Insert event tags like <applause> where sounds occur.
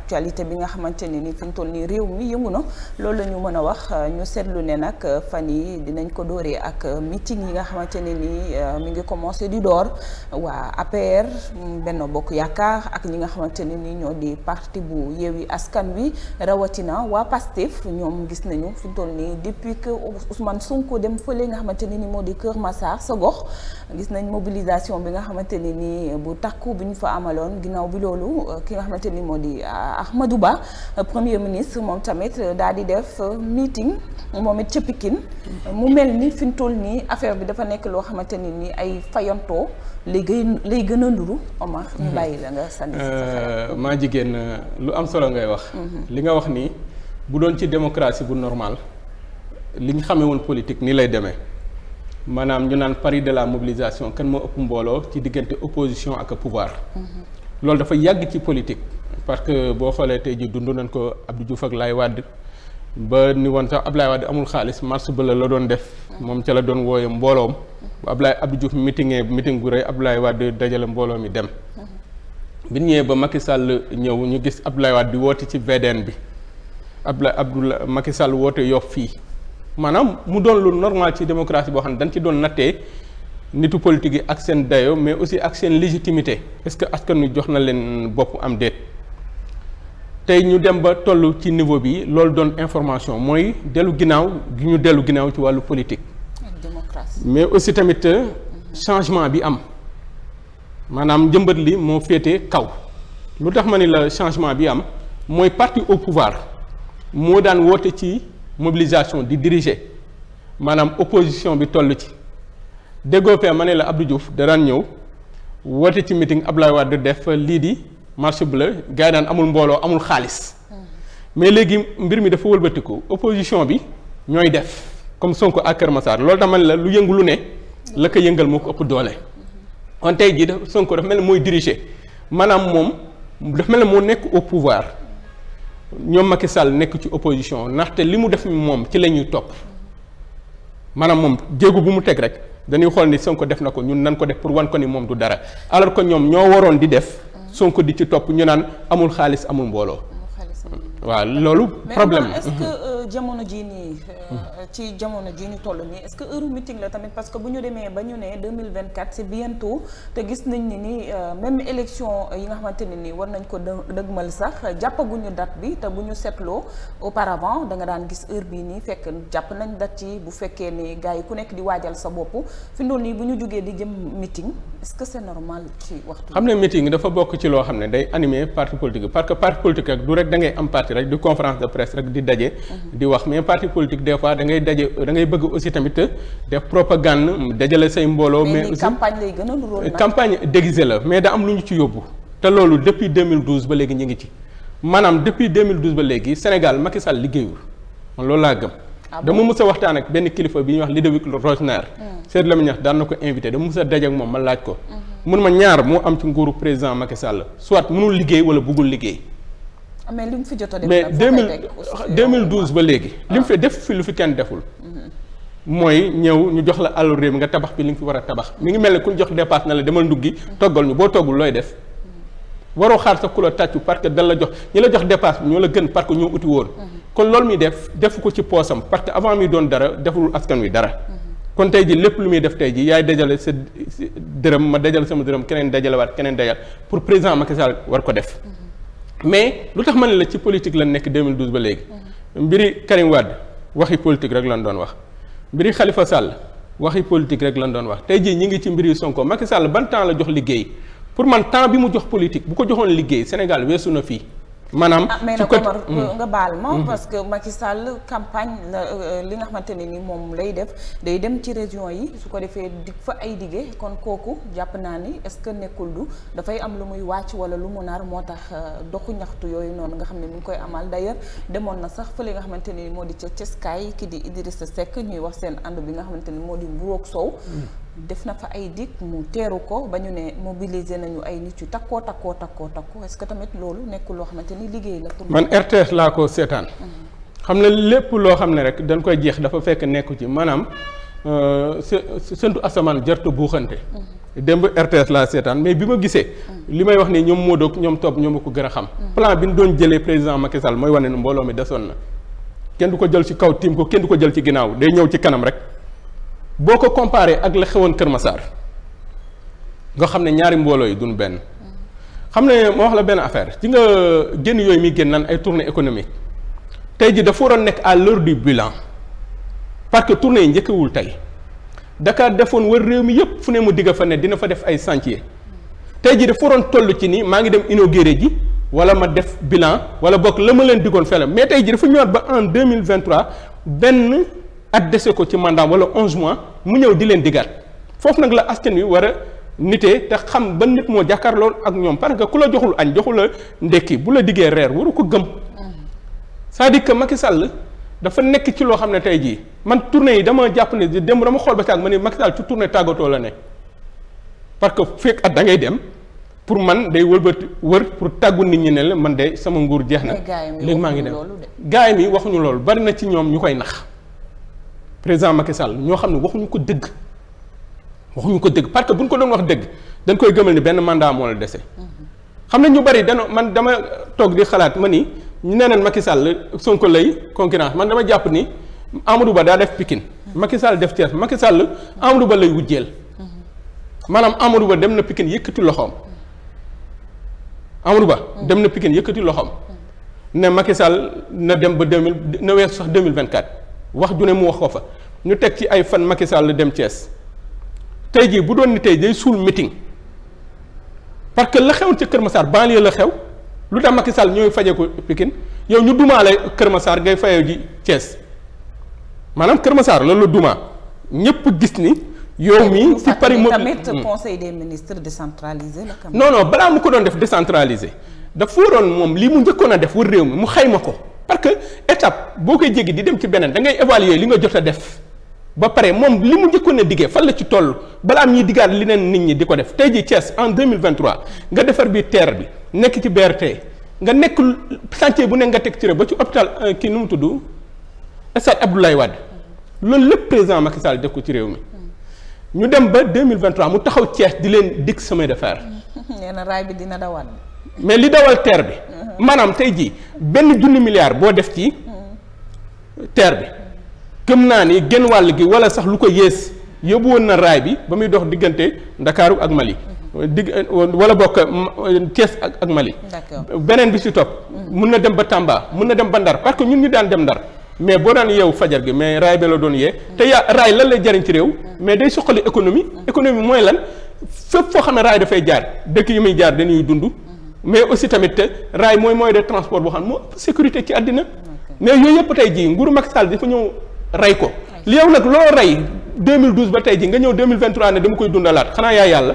actualité bi nga xamante ne ni fi mu toll nii réew mi yëngu na loolu la ñu mën a wax ñu seetlu ne nag fan yi dinañ ko dóoree ak meeting yi nga xamante ne nii euh, mi ngi commencé di door waa APR benn Bokk Yaakaar ak ñi nga xamante ne ni ñoo di parti bu Yewwi Askan Wi rawatina waa PASTEF ñoom gis nañu fi mu toll nii depuis que Ousmane Sonko dem fële nga xamante ne ni moo di Kër Massar sa gox gis nañ mobilisation bi nga xamante ne ni bu takku bi ñu fa amaloon ginnaaw bi loolu ki nga xamante Ahmadou Ba premier ministre moom tamit euh, daal di def euh, meeting moom it ca Pikine mu mel ni fi mu nii affaire bi dafa nekk loo xamante ni nii ay fayantoo lay gën lay gën a nduru Omar ñu mhm. bàyyi la nga sànni euh, maa jigéen lu am solo ngay wax mhm. li nga wax nii bu doon ci démocratie bu normal li ñu xamee woon politique ni lay demee maanaam ñu naan pari de la mobilisation kan moo ëpp mbooloo ci diggante opposition ak pouvoir mhm. loolu dafa yàgg ci politique parce que boo xoolee tey ji dund nañ ko Abdou juuf ak Laye Wade ba ni woon sax Ablaye Wade amul xaalis mars ba la la doon def moom ca la doon wooye mbooloom Ablaye Abdou Diouf meetingee meeting gu rëy Ablaye Wade dajale mbooloo mi dem bi ñëwee ba Macky Sall ñëw ñu gis Ablaye Wade di woote ci VDN bi Ablaye la Macky Sall woote yof fii maanaam mu doon lu normal ci démocratie boo xam ne dañ ci doon nattee nitu politique yi ak seen dayo mais aussi ak seen légitimité est-ce que askan wi jox na leen bopp am déet tey ñu dem ba tollu ci niveau bi loolu doon information mooy dellu ginnaaw gi ñu dellu ginnaaw ci wàllu politique. démocratie mais aussi tamit euh, changement bi am maanaam njëmbat li moo féete kaw lu tax ma ni la changement bi am mooy parti au pouvoir moo daan woote ci mobilisation di diriger maanaam opposition bi toll ci déggoo fee ma ne la Abdou Diouf ñëw woote ci meeting Abdoulaye Wade def lii di. marché bleue gars yi naan amul mbooloo amul xaalis mais léegi mbir mi dafa wëlbatiku opposition bi ñooy def comme sonk ak Kër Massar loolu dama la lu yëngu lu ne la ko yëngal moo ko ëpp doole. kon tey jii dafa Sonko dafa mel ni mooy diriger maanaam moom dafa mel ni moo nekk au ñoom Macky Sall nekk ci opposition ndaxte li mu def moom ci la ñuy topp maanaam moom jéego bu mu teg rek dañuy xool ni Sonko def na ko ñun nan ko def pour wan ko ni moom du dara alors que ñoom ñoo waroon di def. Sonko di ci topp ñu naan amul xaalis amul mbooloo. waa loolu problème est jamono jii nii. Euh, ci jamono ji ñu toll nii est-ce que heure meeting la tamit parce que bu ñu demee ba ñu ne deux mille vingt quatre te gis nañ ni ni euh, même élection yi nga xamante ne nii war nañ ko dëgmal sax jàppaguñu date bi te bu ñu seetloo auparavant da nga daan gis heure bii nii fekk jàpp nañ date ci bu fekkee ne gars yi ku nekk di waajal sa bopp fi ndool nii bu ñu jógee di jëm meeting est-ce que c'est normal ci waxtu. xam ne meeting dafa bokk ci loo xam ne day animer parti politique parce que parti politique rek du am parti rek du di daje. Mm-hmm. di wax mais parti politique des fois da daje da ngay bëgg aussi tamit def propagande dajale say mbooloo. mais aussi campagne lay gën a campagne déguisée la mais da am lu ñu ci yóbbu te loolu depuis 2012 ba léegi ñu ngi ci maanaam depuis 2012 ba léegi Sénégal Macky Sall liggéeyul man loolu laa gëm. Ah dama mës a waxtaan ak benn kilifa bi ñu wax Ludovic Rogner. Hmm. Seydou Lamine Niass daan na ko invité dama mës a daje ak moom ma laaj ko. mën hmm. ma ñaar moo am ci nguuru président Macky Sall soit mënul liggéey wala bëggul liggéey. mais li mu fi jot a def mais deux mille mille douze ba léegi. li mu fi def fi lu fi kenn deful. Mm-hmm. mooy ñëw ñu jox la àllu réew mi nga tabax bi li nga fi war a tabax mi ngi mel ne ku ñu jox dépasse na la demal nduggi toggal ñu boo toggul looy def. Mm-hmm. waroo xaar sa kulo la tàccu parce que dal la jox ñi la jox dépasse bi ñoo la gën parce que ñoo uti woon. Mm-hmm. kon loolu muy def def ko ci poosam parce que avant muy doon dara deful askan wi dara. kon tey ji lépp lu muy def tey ji yaay dajale sa dërëm ma dajal sama dërëm keneen dajalewaat keneen dajal pour président Macky war ko mais lu tax ma ne la ci politique lan nekk 2012 ba léegi. mbiri Karim Wade waxi politique rek lan doon wax mbiri Khalifa Sall waxi politique rek lan doon wax tey jii ñi ngi ci mbiri Sonko Macky Sall ban temps la jox liggéey pour man temps bi mu jox politique bu ko joxoon liggéey Sénégal weesu na fii. maanaam ah, ci côté mm. nga baal ma mm-hmm. parce que Macky sàll campagne euh, euh, li nga xamante ne ni moom lay def day dem ci région yi su ko defee dig fa ay dige kon kooku jàpp naa ni est-ce que nekkul du dafay am lu muy wàcc wala lu mu nar moo tax euh, doxu ñaxtu yooyu noonu nga xam ne mu ngi koy amal d'ailleurs demoon na sax li nga xamante ni moo di ca Ceskaay ki di Idrissa Seck ñuy wax seen ànd bi nga xamante ni moo di mburoog soow mm. def na fa ay dikk mu teeru ko ba ñu ne mobiliser nañu ay nit yu takkoo takkoo takkoo takkoo est-ce que tamit loolu nekkul loo xamante ni liggéey la. pour man RTS laa ko seetaan. Mhm. xam ne lépp loo xam ne rek dañ koy jeex dafa fekk nekku ci maanaam euh, seentu asamaan jërte buuxante. Mhm. démb RTS laa seetaan mais bi ma gisee. Mhm. li may wax ni ñoom moo doog ñoom topp ñoom ma ko gën a xam. plan bi ñu doon jëlee président Macky mooy wane ne mbooloo mi desoon na. kenn ko jël ci kaw ko kenn du ko jël ci ginnaaw day ñëw ci kanam rek. boo ko comparé ak la xewoon Kër Massar nga xam ne ñaari mbooloo yi duñ benn xam ne moo wax la benn affaire ci nga génn yooyu mi génn naan ay tournée économique tey ji dafa waroon nekk à l'heure du bilan parce que tournée yi njëkkewul tey Dakar defoon wër réew mi yëpp fu ne mu digg fa ne dina fa def ay chantier tey ji dafa waroon toll ci nii maa ngi dem inauguré ji wala ma def bilan wala bokk la ma leen diggoon fële mais tey ji dafa ñëwaat ba en deux mille vingt benn at dese ko ci mandat wala onze mu ñëw di leen digaat foofu nag la askan wi war a nitee te xam ba nit moo jàkkaarloo ak ñoom parce que ku la joxul añ joxul la ndekki bu la diggee reer waru ko gëm c'est-à-dire que Macky Sall dafa nekk ci loo xam ne tey jii man tournée yi dama jàpp ne démb dama xool ba caag ma ne Macky Sall ci tournée tàggatoo la ne parce que fekk at dangay dem pour man day wëlbati wër pour tàggu nit ñi ne la man de sama nguur jeex na léegi maa ngi dem gaay mi waxuñu loolu bari na ci ñoom ñu koy nax président Macky Sall ñoo xam ne waxuñu ko dëgg waxuñu ko dëgg parce que bu ñu ko doon wax dëgg dañ koy gëmal ni benn mandat moo la dese. xam ne ñu bari dana man dama toog di xalaat ma ni ñu nee neen Macky Sall Sonko lay concurrence man dama jàpp ni Amadou Ba daa def Pikine Macky Sall def Thiès Macky Sall Amadou Ba lay wujjeel maanaam Amadou Ba dem na Pikine yëkkati loxoom Amadou Ba dem na Pikine yëkkati loxoom ne Macky na dem ba deux mille na weesu sax deux mille vingt-quatre wax ju ne mu wax ko fa ñu teg ci ay fan Macky Sall dem cees tey jii bu doon ni tey day suul meeting parce que la xew ca Kër masaar banlieue la xew lu tax Macky ñooy faje ko Pikine yow ñu dumaale Kër masaar ngay fayoo ji cees maanaam Kër Massar loolu la dumaa ñëpp gis ni yow mii si Paris moom tamit hmm. conseil des ministres décentralisé la non non balaa mu ko doon def décentralisé daf waroon moom li mu njëkkoon a def wër réew mi mu xayma ko parce que étape boo koy jéggi di dem ci beneen da ngay évaluer li nga jot a def ba pare moom li mu njëkkoon a diggee fan la ci toll balaa am ñuy diggaat li neen nit ñi di ko def tey ji Thiès en 2023 nga defar biir terre bi nekk ci BRT nga nekk chantier bu nekk nga teg ci rek ba ci hôpital euh, kii nu mu tudd stade Abdoulaye Wade loolu lépp président Macky Sall ko ci réew mi ñu dem ba 2023 mu taxaw Thiès di leen dig chemin defar fer. <laughs> na raay bi dina dawaat. mais li dawal terre bi. Uh-huh. maanaam tey jii benn junni milliard boo def ci uh-huh. terre bi gëm naa ni genn wàll gi wala sax lu ko yées yóbbu woon na raay bi ba muy dox diggante ndakaaru ak Mali. Uh-huh. digg uh, wala bokk uh, Thiès ak ak Mali. beneen bi si topp. mun na dem ba Tamba mun na dem ba Ndar parce que ñun ñu daan dem Ndar. mais boo daan yeewu fajar gi mais raay bi la doon yee. te yaa raay lan lay jariñ ci réew. mais day soqali économie. économie mooy lan fépp foo xam ne raay dafay jaar dëkk yi muy jaar dañuy dund. mais aussi tamit raay mooy moyen de transport boo xam ne moo sécurité ci àddina mais yooyu yëpp tey jii nguuru Macky Sall dafa ñëw rey ko li yow nag loo rey 2012 ba tey jii nga ñëw 2023 ne dama koy dundalaat xanaa yaa yàlla